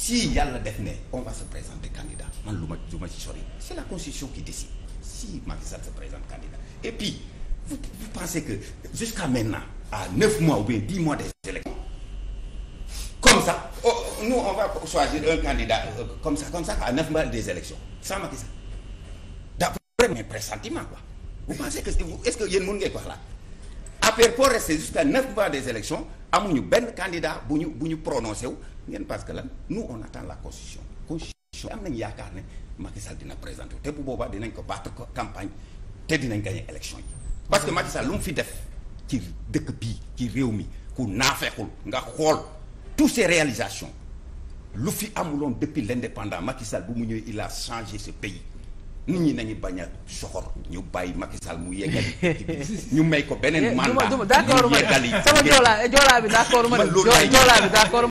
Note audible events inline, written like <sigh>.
si yàlla def ne on va se présenter candidat man lu ma lu ma ci sori c'est la constitution qui décide si Macky se présente candidat et puis vous, vous pensez que jusqu'à maintenant à neuf mois ou bien dix mois des élections comme ça oh, nous on va choisir un candidat euh, comme ça comme ça à neuf mois des élections sans Macky Sall d'après mes pressentiments quoi vous pensez que est-ce que yéen mën ngeen ko xalaat APR pour rester jusqu'à neuf mois des élections amuñu benn candidat bu ñu bu ñu prononcé wu ngeen parce que lan nous on attend la constitution constitution am nañu yaakaar ne Macky Sall dina présenté wu te bu boobaa dinañ ko battre campagne te dinañ gagné élection yi parce que Macky Sall lu mu fi def ci dëkk bii ci réew mi ku naafeexul nga xool tous ces réalisations lu fi amuloon depuis l'indépendant Macky Sall bu mu ñëwee il a changé ce pays nit ñi nañu bañ a soxor ñu bàyyi Macky Sall mu yeggal <laughs> ñu may ko beneen eh, mandat d'accord sama joolaa joolaa bi d'accord ma man joolaa bi d'accord